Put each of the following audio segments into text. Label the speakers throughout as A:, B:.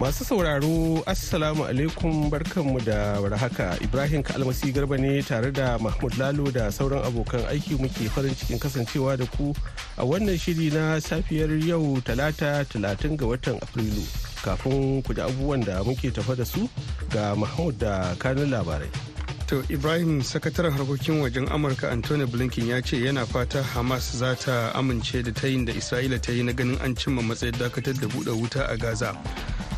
A: Masu sauraro Assalamu alaikum barkanmu da warhaka Ibrahim Kalmasi Garba ne tare da Mahmud Lalo da sauran abokan aiki muke farin cikin kasancewa da ku a wannan shiri na safiyar yau talata talatin ga watan Afrilu. Kafin ku da abubuwan da muke tafa da su
B: ga Mahmud da kanun labarai. To Ibrahim sakataren harkokin wajen Amurka Anthony Blinken ya ce yana fata Hamas za ta amince da tayin da Isra'ila ta yi na ganin an cimma matsayin dakatar da buɗe wuta a Gaza.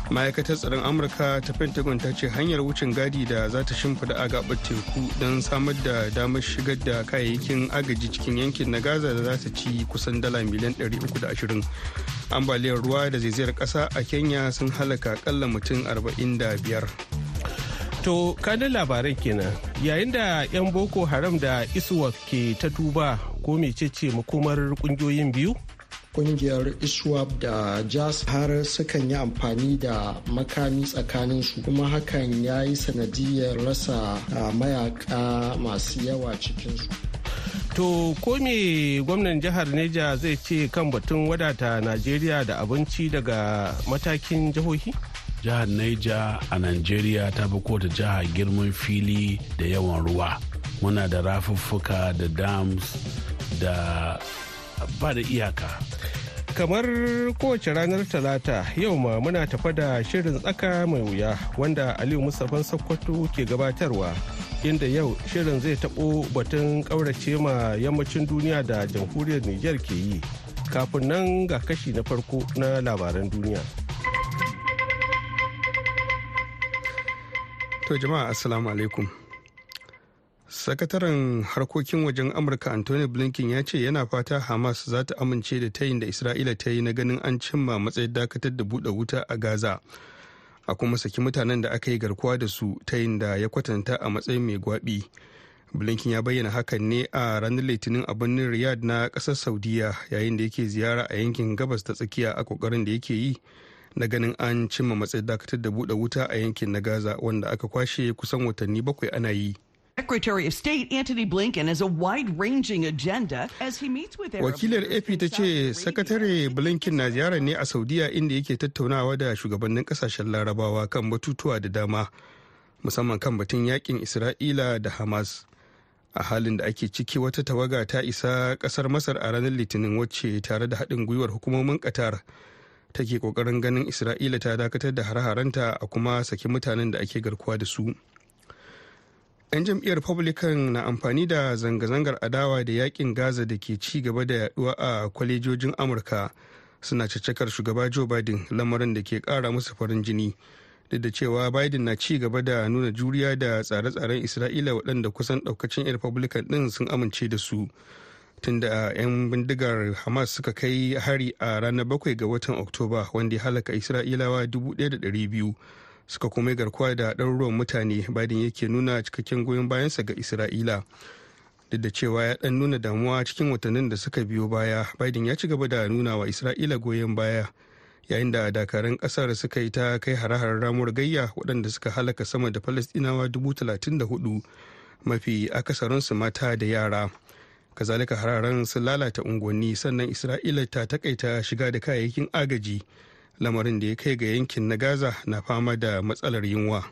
B: ma'aikatar tsaron amurka ta pentagon ta ce hanyar wucin gadi da za ta shimfida a gabar teku don samar da damar shigar da kayayyakin agaji cikin yankin na gaza da za ta ci kusan dala miliyan 320 ambaliyar ruwa da zaizayar kasa a kenya sun halaka kalla mutum 45 to kanin labaran kenan yayin da 'yan
A: boko haram da iswap ke ta duba ko mecece makomar kungiyoyin biyu kungiyar iswap da jas har sukan yi amfani da makami
C: tsakanin su kuma hakan ya yi sanadiyar rasa mayaka masu yawa cikin su.
A: to ko me gwamnan jihar neja zai ce kan batun wadata najeriya da abinci daga matakin jihohi
D: jihar neja a Najeriya ta fi kowace jiha girman fili da yawan ruwa. Muna da rafuffuka da dams da ba da iyaka.
A: Kamar kowace ranar Talata yau ma muna tafa da shirin tsaka mai wuya wanda Aliyu Mustapha Sokoto ke gabatarwa inda yau shirin zai taɓo batun ƙaurace ma yammacin duniya da jamhuriyar Nijar ke yi. Kafin nan ga kashi na farko na labaran duniya.
B: To jama'a Assalamu alaikum. sakataren harkokin wajen amurka anthony blinken ya ce yana fata hamas za ta amince da tayin da isra'ila ta yi na ganin an cimma matsayin dakatar da buɗe wuta a gaza a kuma saki mutanen da aka yi garkuwa da su tayin da ya kwatanta a matsayin mai gwabi blinken ya bayyana hakan ne a ranar litinin a birnin riyadh na ƙasar saudiya yayin da yake ziyara a yankin gabas ta tsakiya a kokarin da yake yi na ganin an cimma matsayin dakatar da buɗe wuta a yankin na gaza wanda aka kwashe kusan watanni bakwai ana yi
E: Secretary of State Antony Blinken has a wide-ranging agenda as he meets with Wakilar
B: AP ta ce Sakatare Blinken na ziyara ne a Saudiya inda yake tattaunawa da shugabannin kasashen Larabawa kan batutuwa da dama musamman kan batun yakin Isra'ila da Hamas. A halin da ake ciki wata tawaga ta isa kasar Masar a ranar Litinin wacce tare da haɗin gwiwar hukumomin Qatar take kokarin ganin Isra'ila ta dakatar da har-haranta a kuma saki mutanen da ake garkuwa da su. 'yan jam'iyyar republican na amfani da zanga-zangar adawa da yakin gaza da ke ci gaba da yaduwa a kwalejojin amurka suna caccakar shugaba joe biden lamarin da ke kara musu farin jini duk da cewa biden na ci gaba da nuna juriya da tsare-tsaren isra'ila waɗanda kusan ɗaukacin 'yan republican ɗin sun amince da su tunda 'yan bindigar hamas suka kai hari a ranar bakwai ga watan oktoba wanda ya halaka isra'ilawa 1200 suka kuma garkuwa da ɗaruruwan mutane biden yake nuna cikakken goyon bayansa ga isra'ila duk da cewa ya ɗan nuna damuwa cikin watannin da suka biyo baya biden ya ci gaba da nuna wa isra'ila goyon baya yayin da dakarun ƙasar suka yi ta kai hare-haren ramuwar gayya waɗanda suka halaka sama da falastinawa dubu talatin da hudu mafi akasarinsu mata da yara kazalika hararen sun lalata unguwanni sannan isra'ila ta takaita shiga da kayayyakin agaji lamarin da ya kai ga yankin na gaza na fama da matsalar yunwa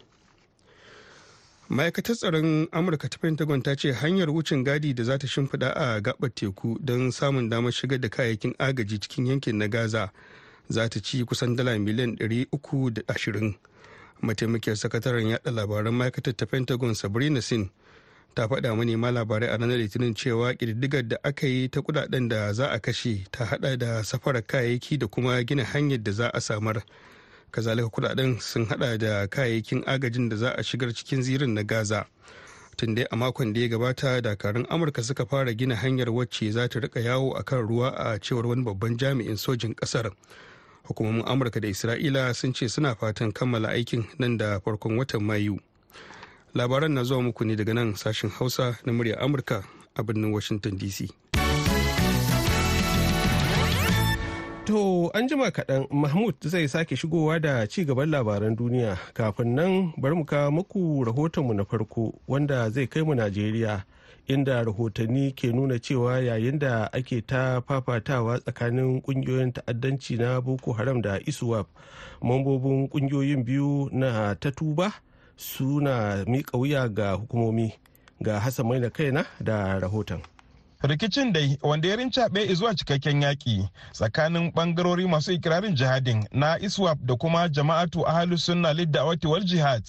B: ma'aikatar tsaron amurka ta pentagon ta ce hanyar wucin gadi da za ta shimfiɗa a gabar teku don samun damar shigar da kayayyakin agaji cikin yankin na gaza za ta ci kusan dala miliyan 320 mataimakiyar sakataren yada labaran ma'aikatar ta pentagon sabrina sin ta faɗa manema labarai a ranar litinin cewa ƙididdigar da aka yi ta kudaden da za a kashe ta haɗa da safarar kayayyaki da kuma gina hanyar da za a samar kazalika kudaden sun haɗa da kayayyakin agajin da za a shigar cikin zirin na gaza tun dai a makon da ya gabata dakarun amurka suka fara gina hanyar wacce za ta rika yawo a kan ruwa a cewar wani babban jami'in sojin kasar hukumomin amurka da isra'ila sun ce suna fatan kammala aikin nan da farkon watan mayu labaran na zuwa muku ne daga nan sashen hausa na murya amurka a birnin washington dc
A: To an jima kaɗan Mahmud zai sake shigowa da ci gaban labaran duniya kafin nan bari mu kawo muku rahotonmu na farko wanda zai kai mu Najeriya inda rahotanni ke nuna cewa yayin da ake ta fafatawa tsakanin ƙungiyoyin ta'addanci na Boko Haram da ISWAP mambobin ƙungiyoyin biyu na tatuba tuba suna miƙa wuya ga hukumomi ga hassan mai da kaina da rahoton rikicin dai wanda ya rincaɓe zuwa cikakken yaƙi
F: tsakanin ɓangarori masu ikirarin jihadin na iswap da kuma jama'atu a ahalus suna lidda'awati wal jihad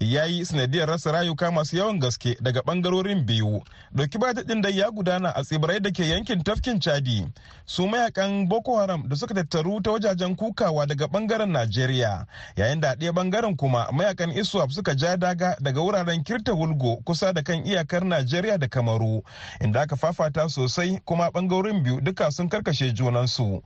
F: ya yi sanadiyar rasa rayuka masu yawan gaske daga ɓangarorin biyu ɗauki ba daɗin dai ya gudana a tsibirai da ke yankin tafkin chadi su mayakan boko haram da suka tattaru ta wajajen kukawa daga ɓangaren najeriya yayin da ɗaya ɓangaren kuma mayakan iswap suka ja daga daga wuraren kirta wulgo kusa da kan iyakar najeriya da kamaru inda aka fafata sosai kuma bangarorin biyu duka sun karkashe junansu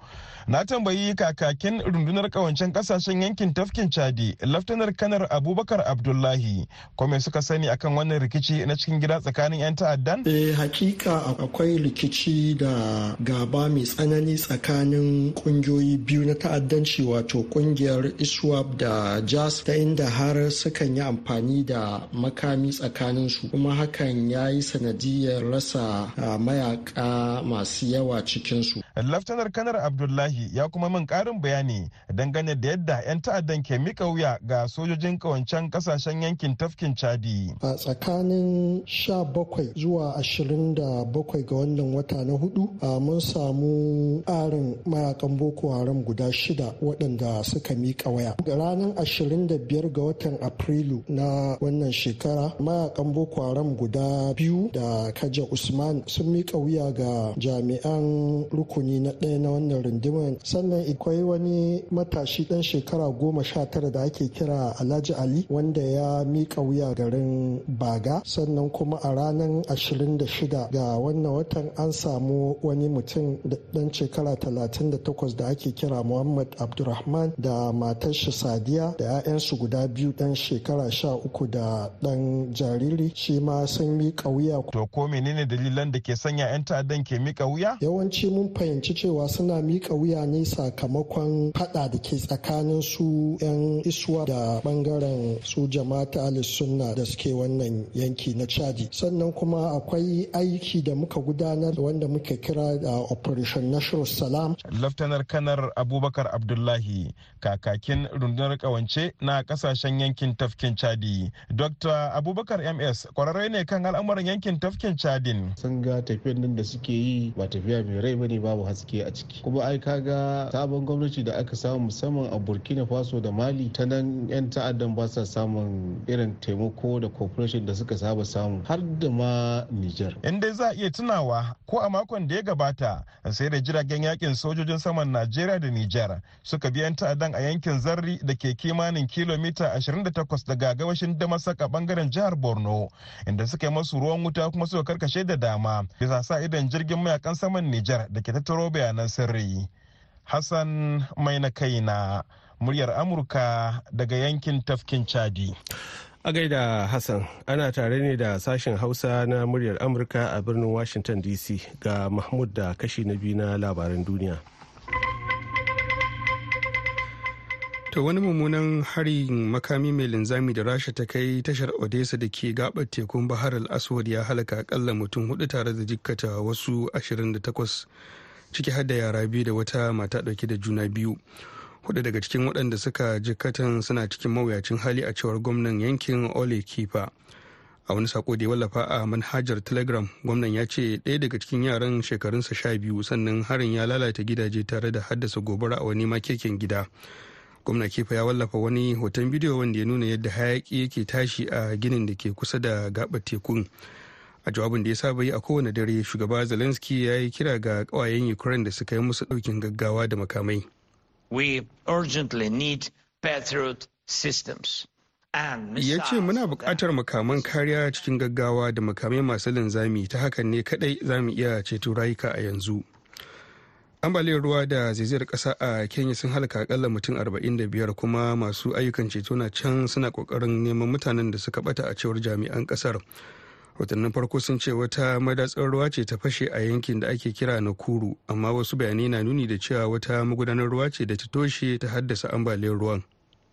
F: na tambayi kakakin rundunar kawancen kasashen yankin tafkin chadi laftanar kanar abubakar abdullahi kome suka sani akan wannan rikici na cikin gida tsakanin 'yan ta'addan eh hakika akwai rikici da gaba mai tsanani
C: tsakanin kungiyoyi biyu na ta'addanci wato kungiyar iswap da jas ta inda har sukan yi amfani da makami tsakanin su kuma hakan ya yi
F: sanadiyar rasa ah, maya mayaka masu yawa cikinsu. Laftanar Kanar Abdullahi ya kuma min karin bayani dangane da yadda 'yan ta'addan ke mika wuya ga sojojin kawancen kasashen yankin tafkin Chadi. A tsakanin 17
C: zuwa 27 ga wannan wata na hudu mun samu ƙarin mayakan Boko Haram guda shida waɗanda suka mika waya. Da ranar 25 ga watan Afrilu na wannan shekara mayakan Boko Haram guda biyu da Kaja Usman sun mika wuya ga jami'an rukuni na ɗaya na wannan rundunar sannan akwai wani matashi ɗan shekara goma sha tara da ake kira alhaji ali wanda ya mika wuya garin baga sannan kuma a ranar ashirin da shida ga wannan watan an samu wani mutum da ɗan shekara talatin da takwas da ake kira muhammad abdurrahman da matar shi sadiya da 'ya'yansu guda biyu ɗan shekara sha uku da ɗan jariri shi ma sun mika wuya. to ko menene dalilan da ke sanya sanya 'yan ta'addan ke mika wuya? Yawanci mun fahimci cewa suna mika wuya ne sakamakon fada da ke tsakanin su 'yan isuwa da bangaren su jama'ata sunna da suke wannan yanki na Chadi. Sannan kuma akwai aiki da muka gudanar wanda muka kira da uh, Operation National Salam.
F: Laftanar Kanar Abubakar Abdullahi kakakin rundunar kawance na kasashen yankin tafkin Chadi. Dr. Abubakar MS kwararre ne kan al'amuran yankin tafkin
A: Chadin. Sun ga kamfen din da suke yi ba tafiya mai rai bane babu haske a ciki kuma ai kaga sabon gwamnati da aka samu musamman a burkina faso da mali ta nan yan ta'addan ba sa samun irin taimako da corporation da suka saba samu har da ma niger in
F: dai za a iya tunawa ko a makon da ya gabata sai da jiragen yakin sojojin saman najeriya da niger suka biyan yan ta'addan a yankin zarri da ke kimanin kilomita 28 daga gabashin damasak a bangaren jihar borno inda suka yi masu ruwan wuta kuma suka karkashe da dama bisa na sa idon jirgin mayakan saman Nijar da ke tattaro bayanan sirri. Hassan mai na kai na muryar Amurka daga yankin tafkin Chadi.
A: A gaida Hassan, ana tare ne da sashen Hausa na muryar Amurka a birnin Washington DC ga Mahmud da kashi na biyu na labaran duniya.
B: To wani mummunan harin makami mai linzami da Rasha ta kai tashar Odessa da ke gabar tekun Bahar al-Aswad ya halaka akalla mutum hudu tare da jikkata wasu 28 ciki har yara biyu da wata mata dauke da juna biyu. Hudu daga cikin waɗanda suka jikkatan suna cikin mawuyacin hali a cewar gwamnan yankin Ole Kifa. A wani sako da ya wallafa a manhajar Telegram, gwamnan ya ce ɗaya daga cikin yaran shekarunsa sha biyu sannan harin ya lalata gidaje tare da haddasa gobara a wani makeken gida. gwamna kefa ya wallafa wani hoton bidiyo wanda ya nuna yadda hayaki yake tashi a ginin da ke kusa da gaba tekun a jawabin da ya saba yi a kowane dare shugaba zelensky ya yi kira ga kawayen ukraine da suka yi musu daukin gaggawa da makamai
G: we urgently need patriot systems ya
B: ce muna buƙatar makaman kariya cikin gaggawa da makamai masu linzami ta hakan ne kadai za mu iya ceto rayuka a yanzu ambaliyar ruwa da zaizayar kasa a kenya sun halaka akalla mutum 45 kuma masu ayyukan ceto na can suna kokarin neman mutanen da suka bata a cewar jami'an kasar watannin farko sun ce wata madatsar ruwa ce ta fashe a yankin da ake kira na kuru amma wasu bayanai na nuni da cewa wata magudanar ruwa ce da ta toshe ta haddasa ambaliyar ruwan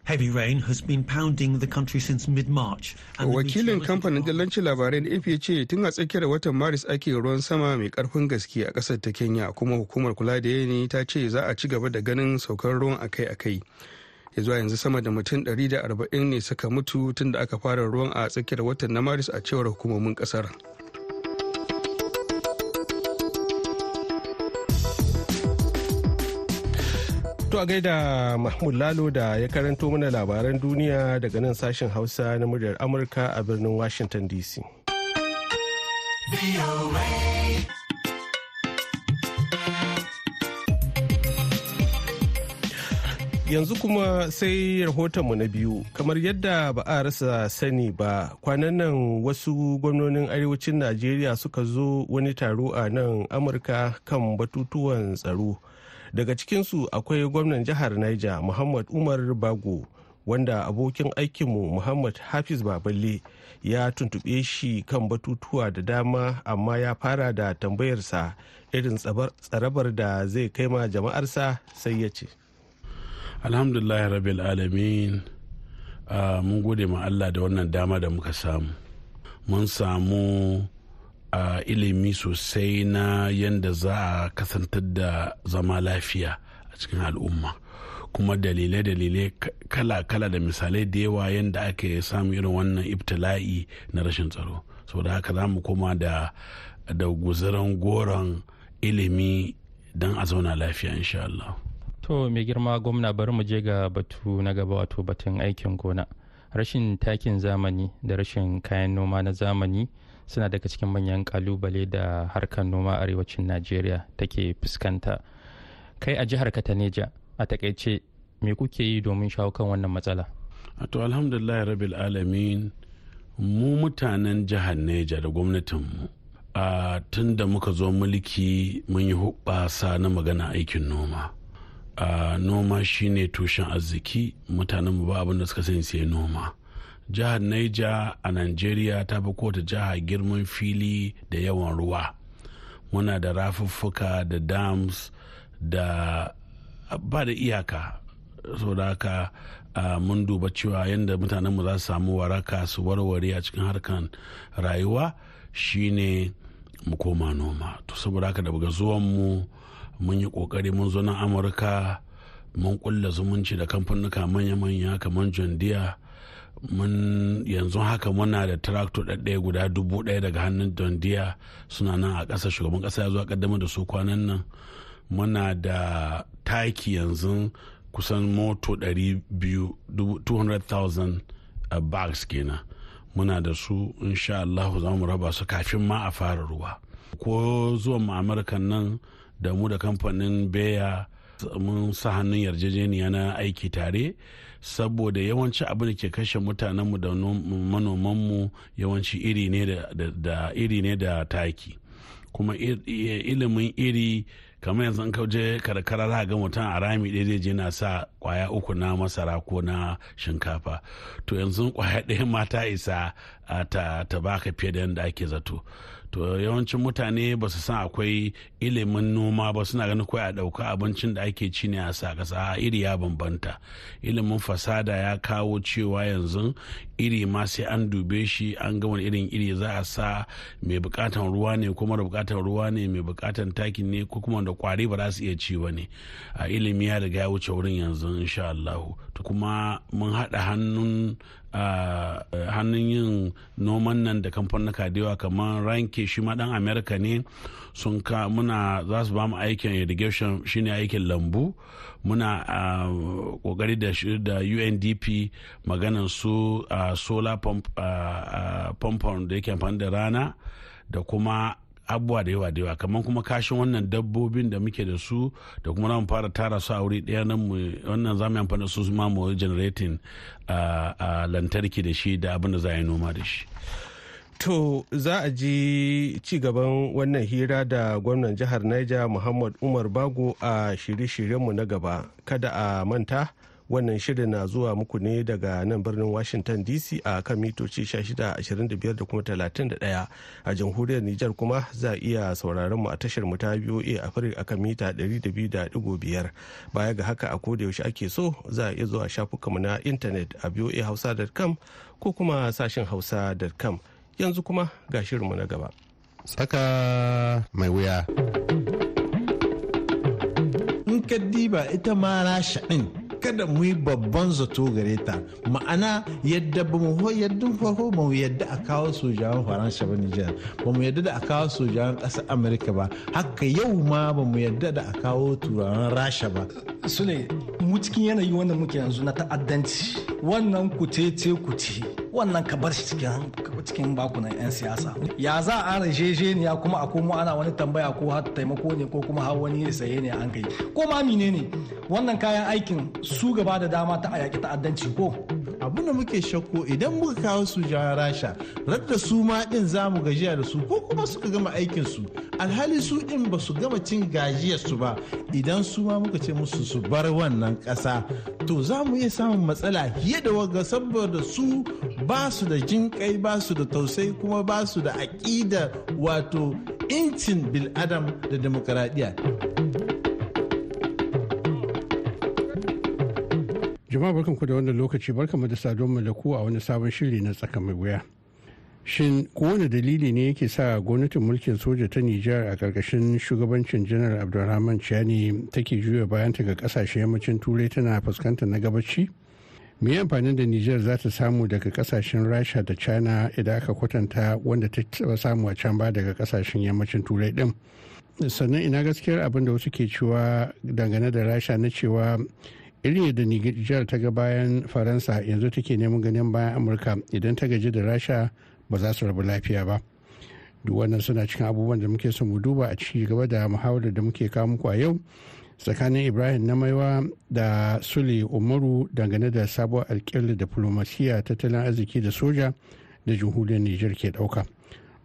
B: Heavy rain has been pounding the country since mid-March. Wakilin kamfanin dillanci labarai na ya ce tun a tsakiyar watan Maris ake ruwan sama mai karfin gaske a kasar ta Kenya kuma hukumar kula da yanayi ta ce za a ci gaba da ganin saukar ruwan akai-akai. Ya zuwa yanzu sama da mutum 140 ne suka mutu tun da aka fara ruwan a tsakiyar watan na Maris a cewar hukumomin kasar.
A: To a gaida Mahmud Lalo da ya karanto mana labaran duniya daga nan sashen Hausa na muryar Amurka a birnin Washington DC. Yanzu kuma sai rahotonmu na biyu, kamar yadda ba a rasa sani ba kwanan nan wasu gwamnonin arewacin Najeriya suka zo wani taro a nan Amurka kan batutuwan tsaro. daga cikinsu akwai gwamnan jihar niger muhammad umar bago wanda abokin aikinmu muhammad hafiz baballe ya tuntuɓe shi kan batutuwa da dama amma ya fara da tambayarsa irin tsarabar da zai kai ma jama'arsa sai ya ce
D: alhamdulillah rabbil alamin ah, mun gode ma allah da wannan dama da muka samu mun samu a ilimi sosai na yadda za a kasantar da zama lafiya a cikin al'umma kuma dalilai-dalilai kala-kala da misalai da yawa yadda ake samu irin wannan ibtila'i na rashin tsaro saboda haka za mu koma da da guzuran goron ilimi don a zauna lafiya insha Allah.
F: To mai girma gwamna bari mu je ga batu na gaba wato batun aikin gona. Rashin takin zamani da rashin kayan noma na zamani suna daga cikin manyan kalubale da harkar noma arewacin najeriya take fuskanta kai a
D: jihar kataneja a takaice me kuke yi domin shawo kan wannan matsala to alhamdulillah rabil alamin mu mutanen jihar neja da gwamnatinmu a tun da muka zo mulki mun yi hubbasa na magana aikin noma a noma shine tushen arziki mutanenmu ba abin da suka sani sai noma jihar Niger a nigeria ta fi kowace jiha girman fili da yawan ruwa. Muna da rafuffuka da dams da ba da iyaka. saboda haka mun duba cewa yadda mutanenmu za su samu waraka su warware a cikin harkan rayuwa shine mu koma noma to saboda haka daga zuwanmu mun yi kokari mun zo nan amurka mun kulla zumunci da kamfanuka manya-manya kamar john deere mun yanzu haka muna da tarakto ɗaɗɗaya guda dubu ɗaya daga hannun dondiya suna nan a ƙasa shugaban ƙasa ya zo a da su kwanan nan muna da taki yanzu kusan moto 200,000 uh, bags kenan muna da su insha Allah za mu raba su kafin ma a fara ruwa ko zuwan mu nan da mu da kamfanin beya mun sa hannun yarjejeniya na aiki tare saboda yawanci abin da ke kashe mutanenmu da manomanmu yawanci iri ne da iri ne da taki kuma ilimin iri kamar yanzu ka je karkara za ga mutum a rami ɗaya zai je na sa kwaya uku na masara ko na shinkafa to yanzu kwaya ɗaya mata isa ta baka fiye da yadda ake zato to yawancin mutane ba su san akwai ilimin noma ba suna ganin kawai a ɗauka abincin da ake ci ne a sa ƙasa iri ya bambanta ilimin fasada ya kawo cewa yanzu iri ma sai an dube shi an ga wani irin iri za a sa mai bukatan ruwa ne ko mara bukatan ruwa ne mai bukatan takin ne ko kuma da kwari ba za su iya ci ba ne a ilimi ya riga ya wuce wurin yanzu insha Allah kuma mun haɗa hannun hannun yin noman nan da kamfanin da yawa kamar ranke shi ma dan amerika ne sun ka muna za su ba mu aikin irrigation shine aikin lambu muna kokari da da undp maganan su solar pump da yake amfani da rana da kuma abubuwa da yawa da yawa kamar kuma kashin wannan dabbobin da muke da su da kuma mu fara tara su a wuri daya nan mu wannan zamu amfani da su ma mu generating lantarki da shi da abin da za a yi noma da shi To za a ji
A: ci gaban wannan hira da gwamnan jihar Niger Muhammad Umar Bago a shirye-shiryenmu na gaba. Kada a manta wannan shirin na zuwa muku ne daga nan birnin Washington DC a kan mitoci 1625 da kuma 31 a jamhuriyar Nijar kuma za a iya sauraron mu a tashar mu ta BOA Africa akan mita 200.5 baya ga haka a koda yaushe ake so za a iya zuwa shafukanmu na intanet a boahausa.com ko kuma sashen hausa.com yanzu kuma ga shirinmu na gaba.
H: Tsaka mai wuya. In ka diba ita ma rasha ɗin kada mu yi babban zato gare ta ma'ana yadda ba mu yadda farko ba mu yadda a kawo sojawan faransa ba nijar ba mu yadda da a kawo sojawan ƙasar amurka ba haka yau ma ba mu yadda da a kawo turawan rasha
G: ba sule mu cikin yanayi wanda muke yanzu na ta'addanci wannan ku ce kuce wannan ka bar shi cikin cikin bakunan 'yan siyasa ya za a rajejeniya kuma a komo ana wani tambaya ko har taimako ne ko kuma har wani saye ne an kai ko ma mine ne wannan kayan aikin su gaba da dama ta a ta'addanci ko abin da muke
H: shakko idan muka kawo su jihar rasha radda su ma din za mu gajiya da su ko kuma suka gama aikin su alhali su ɗin ba su gama cin gajiyar su ba idan su ma muka ce musu su bar wannan ƙasa to za mu iya samun matsala fiye da waga saboda su ba su da jinƙai ba su da tausai kuma ba su da aƙida wato incin bil'adam da demokaradiyya.
E: jama'a barkanku da wannan lokaci mu da saduwar da ku a wani sabon shiri na tsaka mai wuya shin kowane dalili ne yake sa gwamnatin mulkin soja ta nijar a ƙarƙashin shugabancin janar abdulrahman Chani take juya bayanta ga kasashen yammacin turai tana fuskantar na gabaci me amfanin da nijar za ta samu daga kasashen rasha da china idan aka kwatanta wanda ta taɓa samu a can ba daga kasashen yammacin turai din. sannan ina gaskiyar abin da wasu ke cewa dangane da rasha na cewa irin da nijar ta ga bayan faransa yanzu take neman ganin bayan amurka idan ta gaji da rasha ba za su rabu lafiya ba duk wannan suna cikin abubuwan da muke son mu duba a ciki gaba da muhawarar da muke kawo muku a yau tsakanin ibrahim na maiwa da sule umaru dangane da sabuwar da filomasiya tattalin arziki da soja da jamhuriyar niger ke ɗauka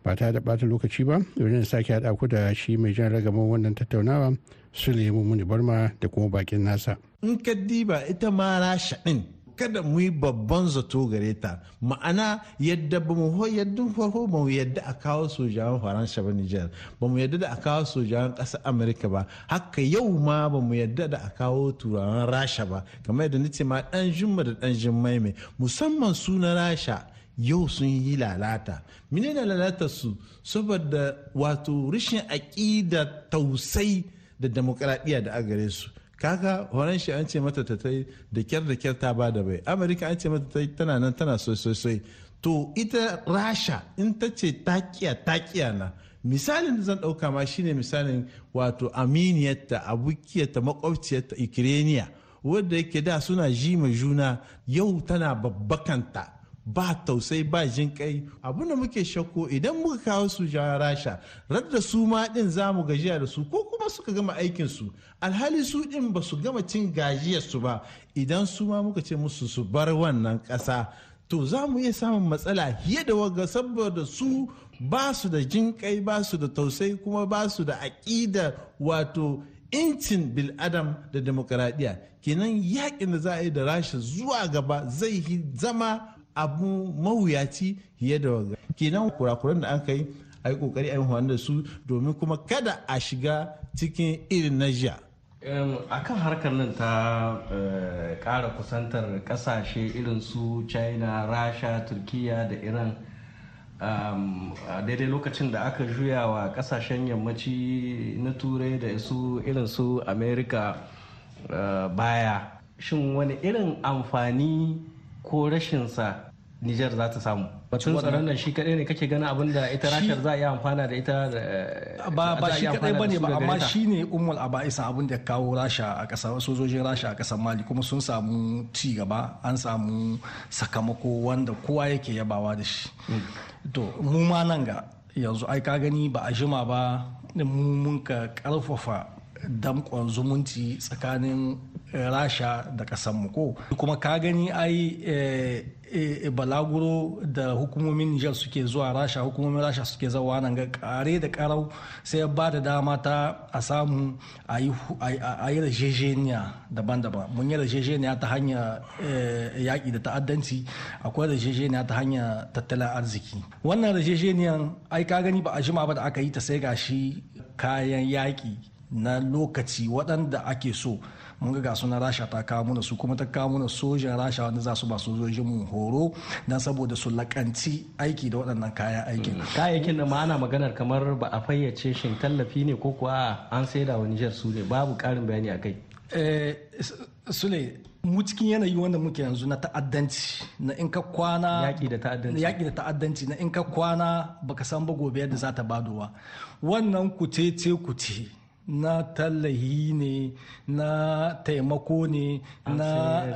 E: ba ta da ɓata lokaci ba domin sake haɗa ku da shi mai jan ragamar wannan tattaunawa sule mummuni barma da kuma bakin nasa
H: in ka diba ita ma rasha ɗin kada mu yi babban zato gare ta ma'ana yadda ba mu yadda ba mu yadda a kawo sojan faransa ba nijar ba mu yadda da a kawo sojan ƙasar amurka ba haka yau ma ba mu yadda da a kawo turawan rasha ba kamar yadda nace ma dan jimma da dan jimma mai musamman su na rasha yau sun yi lalata na lalata su saboda wato rashin aƙida tausai da demokradiyya da a gare su kaga shi an ce mata ta tai da kyar da kyar ta bada bai amurka an ce mata ta tana nan tana sosai to ita rasha in ta ce takiya takiya na misalin da zan ɗauka ma shine misalin wato aminiyarta abukiyarta makwabciyarta ukrainiya wadda yake da suna jima juna yau tana babbakanta ba tausai ba jin kai abinda muke shakko idan muka kawo su rasha radda su ma din za mu gajiya da su ko kuma suka gama aikin su alhali su din ba su gama cin gajiyar su ba idan su ma muka ce musu su bar wannan ƙasa to za mu iya samun matsala fiye da waga saboda su ba su da jin kai ba su da tausai kuma ba su da aƙida wato incin biladam da demokaradiyya kenan yakin da za a yi da rasha zuwa gaba zai zama abu mawuyaci fiye da waga kenan kurakuran da an kai a yi kokari a yi da su domin kuma kada a shiga cikin irin
G: na jiya a harkar nan ta eh, ƙara kusantar ƙasashe irin su china rasha turkiya da iran a daidai lokacin da aka juya wa ƙasashen yammaci na turai da su irin su america eh, baya shin wani irin amfani ko rashinsa Nijar za ta samu. Batun tsaron nan shi kadai ne kake gana abin da ita rashar za a yi amfana da ita eh, ba ba shi kadai bane ba amma shi ne ummul aba'isa abin da kawo rasha a kasar sojojin rasha a kasar Mali kuma sun samu ci gaba an samu sakamako wanda kowa yake yabawa da shi. Mm. To mu ma nan ga yanzu ai ka gani ba a jima ba mu mun ka karfafa damkon zumunci tsakanin Eh, rasha da mu ko kuma ka gani ai eh, eh, balaguro da hukumomin Nijar suke zuwa rasha hukumomin rasha suke zawa nan ga kare da karau sai ba da dama ta a samu a yi rajejeniya daban-daban mun yi rajejeniya ta hanyar yaƙi da ta'addanci akwai rajejeniya ta hanyar tattalin arziki wannan rajejeniyan ai ka gani ba a jima ba da aka yi ta sai gashi kayan yaƙi na lokaci waɗanda ake so mun ga gasu na rasha ta kawo mana su kuma ta kawo mana sojan rasha wanda za su ba sojojin mu horo dan saboda su lakanci aiki da waɗannan kayan aikin mm. kayayyakin da ma maganar kamar ba a fayyace shin tallafi ne ko kuwa an saida wa Nijar su ne babu ƙarin bayani akai eh, sule mu cikin yanayi wanda muke yanzu na ta'addanci na in ka kwana yaƙi da ta'addanci na in ka kwana baka san ba gobe yadda za ta badowa wannan kuce ce kuce na tallahi ne na taimako ne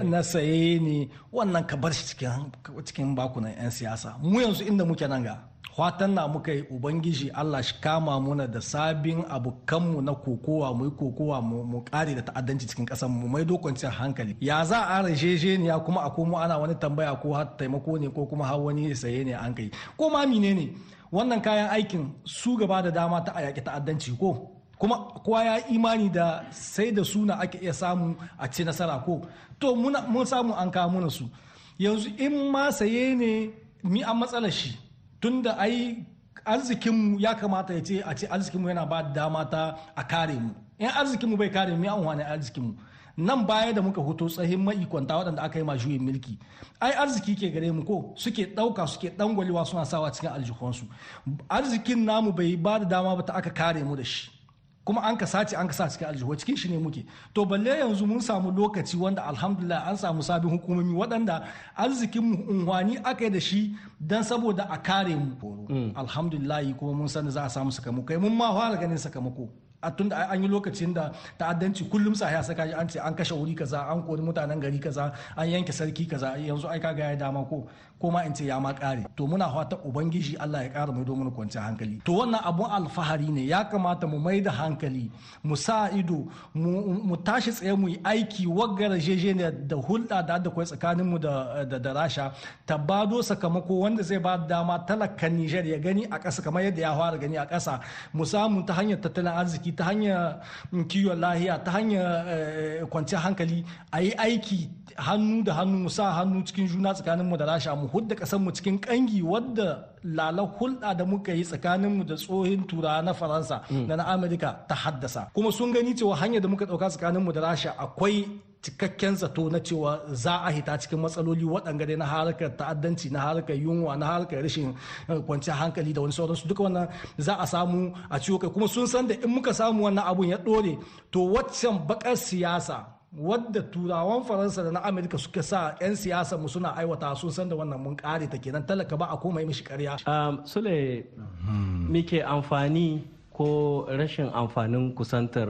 G: na saye ne wannan ka bar shi cikin bakunan 'yan siyasa mu yanzu inda muke nan ga watan na muka yi ubangiji allah shi kama muna da sabin abokanmu na kokowa mu yi kokowa mu kare da ta'addanci cikin kasan mu mai dokoncin hankali ya za a ne ya kuma a komo ana wani tambaya ko har taimako ne ko kuma har wani saye ne an kai ko ma ne wannan kayan aikin su gaba da dama ta a yaƙi ta'addanci ko kuma kowa ya imani da sai da suna ake iya samu a ci nasara ko to mun samu an kawo muna su yanzu in ma saye ne mi an matsalar shi tunda ai arzikinmu ya kamata ya ce a ce arzikinmu yana ba dama ta a kare mu in arzikinmu bai kare mu an wani arzikinmu nan baya da muka hoto tsahin kwanta waɗanda aka yi majuyin milki ai arziki ke gare mu ko suke ɗauka suke ɗangwalewa suna sawa cikin aljihunsu arzikin namu bai ba da dama ba ta aka kare mu da shi kuma an ka sace an ka sa cikin aljihu cikin shi ne muke to balle yanzu mun samu lokaci wanda alhamdulillah an samu sabin hukumomi waɗanda arzikin mu unhwani aka yi da shi dan saboda a kare mu alhamdulillah kuma mun sani za a samu sakamako kai mun ma fara ganin sakamako a tun da an yi lokacin da ta'addanci kullum sa ya saka an ce an kashe wuri kaza an kori mutanen gari kaza an yanke sarki kaza yanzu ai kaga ya dama ko ko ma in ce ya ma kare to muna fata ubangiji Allah ya kara mai domin kwanci hankali to wannan abun alfahari ne ya kamata mu mai da hankali mu sa ido mu tashi tsaye mu yi aiki wagga jejeniya da hulɗa da da kwai tsakanin mu da da rasha tabbado sakamako wanda zai ba dama talakan Nijar ya gani a ƙasa kamar yadda ya fara gani a ƙasa mu samu ta hanyar tattalin arziki ta hanyar mm, kiwon lahiya ta hanyar eh, kwanciyar hankali a yi aiki hannu da hannu mu sa hannu cikin juna tsakanin mu da rasha mu hudda kasar mu cikin kangi wadda lala hulɗa da muka yi tsakanin da tsohin turawa na faransa mm. da na amurka ta haddasa kuma sun gani cewa hanyar da muka ɗauka tsakanin da rasha akwai cikakken zato na cewa za a hita cikin matsaloli waɗanga dai na harkar ta'addanci na harkar yunwa na harkar rashin eh, kwanciyar hankali da wani sauransu duka wannan za a samu a ciwo kai kuma sun san da in muka samu wannan abun ya ɗore to waccan bakar siyasa wadda turawan faransa da na amerika suka sa 'yan siyasa mu suna aiwata sun san da wannan mun kare ta kenan talaka ba a komai mishi karya um, sule muke amfani ko rashin amfanin kusantar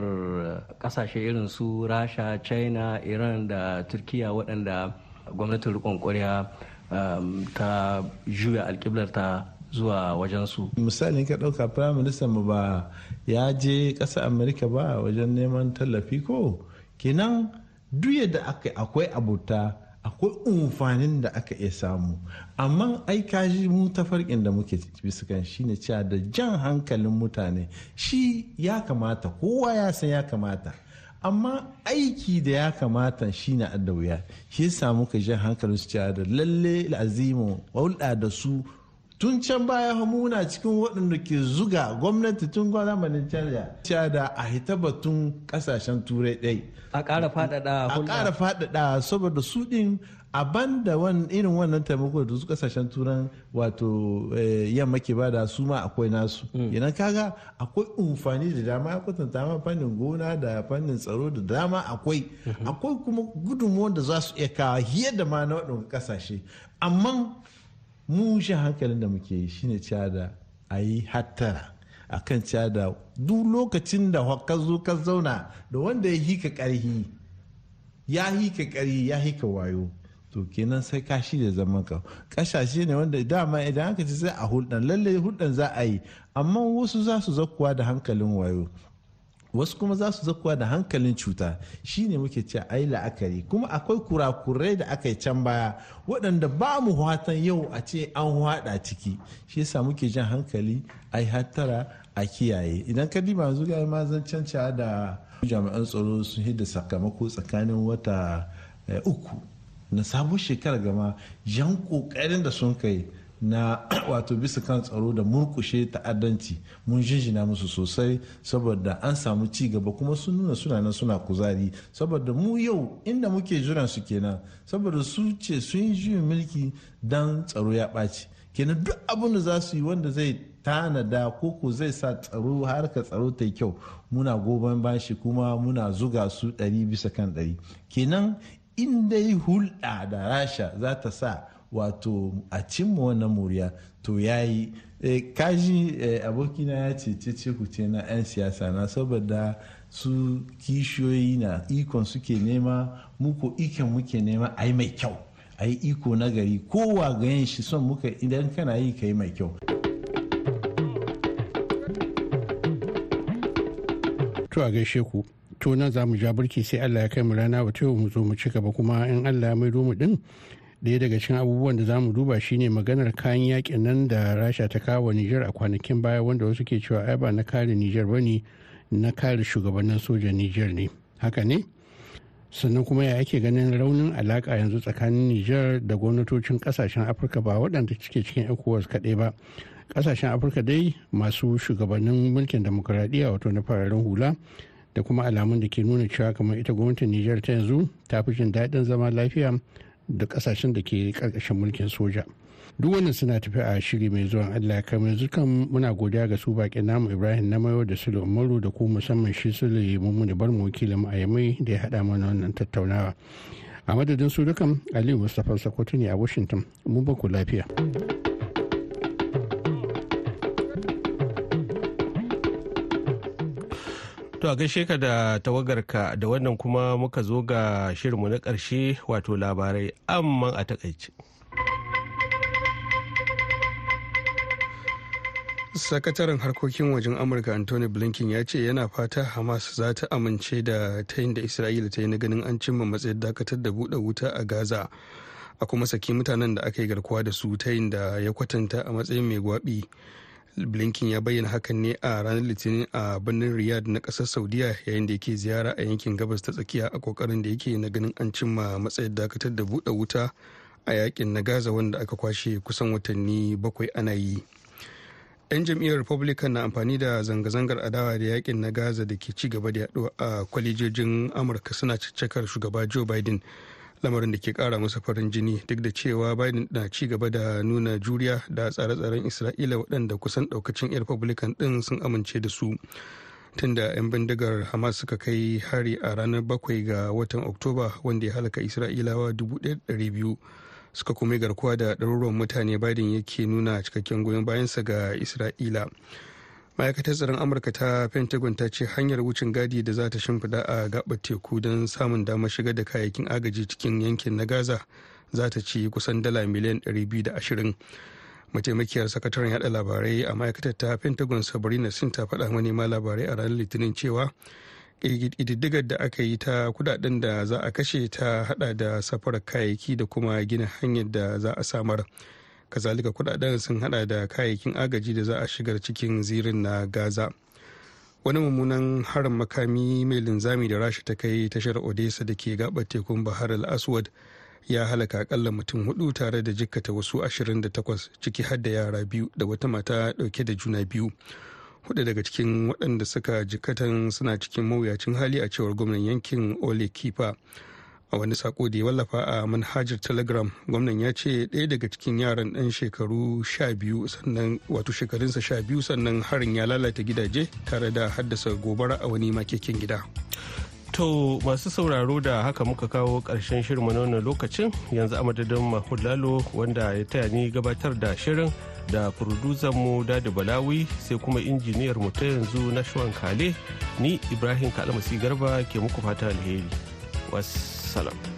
G: kasashe irin su rasha china iran da turkiya waɗanda gwamnatin rikon koriya um, ta juya alkiblar ta zuwa wajen su.
H: misali ka ɗauka prime minister mu ba ya je ƙasa amerika ba wajen neman tallafi ko kenan duk yadda akwai abuta akwai umfanin da aka iya samu amma ai kaji mu tafarkin da muke bisa kan shine cewa da jan hankalin mutane shi ya kamata kowa ya san ya kamata amma aiki da ya kamata shine adda wuya shi yasa samu jan hankalin su cewa da lalle al'azimu wa da su tun can baya muna cikin waɗanda ke zuga gwamnati tun zamanin canja cewa da a hita batun ƙasashen turai ɗai a ƙara faɗaɗa a ƙara faɗaɗa saboda su ɗin a banda irin wannan taimako da su kasashen turan wato eh, yamma ke bada su ma akwai nasu idan hmm. kaga akwai umfani da dama ya kwatanta ma fannin gona da fannin tsaro da dama akwai hmm. akwai kuma gudunmuwan da za su iya kawo hiyar da ma na waɗanda kasashe amma mu shi hankalin da muke yi shine cewa da a yi hattara a cewa da duk lokacin da ka zo ka zauna da wanda ya hika karhi ya hika karhi ya hika wayo to kenan sai ka da zaman ka kashashe ne wanda dama idan aka ci sai a hulɗan lallai hulɗan za a yi amma wasu za su zakuwa da hankalin wayo wasu kuma za su zakuwa da hankalin cuta shi ne muke ce ai la'akari kuma akwai kurakurai da aka yi can baya waɗanda ba mu watan yau a ce an haɗa ciki shi yasa muke jan hankali ai hattara a kiyaye idan ka diba yanzu ga ma da jami'an tsaro sun hidda sakamako tsakanin wata eh, uku na sabon shekara gama jan kokarin da sun kai na wato bisa kan tsaro da murkushe ta'addanci mun jinjina musu sosai saboda an samu ci gaba kuma sun nuna suna nan suna kuzari saboda mu yau inda muke jiran su kenan saboda su ce sun yi mulki dan tsaro ya ɓaci kenan duk abin da za su yi wanda zai tanada ko ku zai sa tsaro harka tsaro ta kyau muna goban bashi kuma muna zuga su ɗari bisa kan ɗari kenan in dai hulɗa da rasha za ta sa wato a cimma wannan moriya to ya yi eh, kaji eh, abokina ya ce ce ku ce na 'yan siyasa na saboda su kishiyoyi na ikon suke nema muku ikon muke nema a mai kyau a yi iko na gari kowa ga yin shi son muka idan kana yi ka yi mai kyau
E: to a gaishe ku to nan za mu ja burki sai allah ya kai mu rana wata mu zo mu ci gaba kuma in allah ya mai mu din ɗaya daga cikin abubuwan da za mu duba shine maganar kayan yakin nan da rasha ta kawo niger a kwanakin baya wanda wasu ke cewa ai ba na kare niger ba ne na kare shugabannin sojan niger ne haka ne sannan kuma ya ake ganin raunin alaka yanzu tsakanin niger da gwamnatocin kasashen afirka ba waɗanda suke cikin ecowas kaɗai ba kasashen afirka dai masu shugabannin mulkin demokuraɗiyya wato na fararen hula da kuma alamun da ke nuna cewa kamar ita gwamnatin niger ta yanzu ta fi jin daɗin zama lafiya da kasashen da ke karkashin mulkin soja duk wannan suna tafi a shiri mai zuwa allah ya yanzu kan muna godiya ga su baki namu ibrahim na mayo da sule umaru da ku musamman shi sule mummuni bar mu wakilin a yamai da ya haɗa mana wannan tattaunawa a madadin su dukan aliyu mustapha sakwato ne a washington mu ba ku lafiya.
A: To a gaishe ka da tawagarka da wannan kuma muka zo ga shirinmu na ƙarshe wato labarai amma a takaice.
B: sakataren harkokin wajen amurka anthony blinken ya ce yana fata hamas za ta amince da tayin da isra'ila ta yi na ganin an cimma matsayin dakatar da buɗe wuta a gaza a kuma saki mutanen da aka yi garkuwa da su tayin da ya kwatanta a matsayin mai gwabi blinken ya bayyana hakan ne a ranar litinin a birnin riyadh na kasar saudiya yayin da yake ziyara a yankin gabas ta tsakiya a kokarin da yake na ganin an cimma matsayin dakatar da buɗe wuta a yakin na gaza wanda aka kwashe kusan watanni bakwai ana yi yan jam'iyyar republican na amfani da zanga-zangar adawa da yakin na gaza da ke ci gaba da yaduwa a kwalejojin amurka suna caccakar shugaba joe biden lamarin da ke kara masa farin jini duk da cewa biden na ci gaba da nuna juriya da tsare-tsaren isra'ila waɗanda kusan ɗaukacin 'yan republican ɗin sun amince da su tunda 'yan bindigar hamas suka kai hari a ranar bakwai ga watan oktoba wanda ya halaka isra'ilawa 1,200 suka kuma garkuwa da ɗaruruwan mutane biden yake nuna cikakken goyon bayansa ga isra'ila ma'aikatar tsaron amurka ta pentagon ta ce hanyar wucin gadi da za ta shimfida a gabar teku don samun damar shiga da kayayyakin agaji cikin yankin na gaza za ta ci kusan dala miliyan 220 mataimakiyar sakataren yada labarai a ma'aikatar ta pentagon sabrina sin ta faɗa manema labarai a ranar litinin cewa ƙididdigar da aka yi ta kudaden da za a kashe ta hada da safarar kayayyaki da kuma gina hanyar da za a samar. kazalika kudaden sun hada da kayayyakin agaji da za a shigar cikin zirin na gaza wani mummunan harin makami mai linzami da rasha ta kai tashar odessa da ke gabar tekun bahar al-aswad ya halaka akalla mutum hudu tare da jikkata wasu 28 ciki har yara biyu da wata mata dauke da juna biyu hudu daga cikin waɗanda suka jikkatan suna cikin mawuyacin hali a cewar gwamnan yankin ole kifa a wani sako da ya wallafa a manhajar telegram gwamnan ya ce ɗaya daga cikin yaran ɗan shekaru sha biyu sannan wato shekarunsa sha biyu sannan harin ya lalata gidaje tare da haddasa gobara a wani makekin gida To masu sauraro da
A: haka muka kawo ƙarshen shirin na wannan lokacin yanzu a madadin Mahmud Lalo wanda ya taya ni gabatar da shirin da mu Dadi Balawi sai kuma injiniyar mu ta yanzu na Shuwan Kale ni Ibrahim Kalmasi Garba ke muku fata alheri. Wasu.
E: Salam.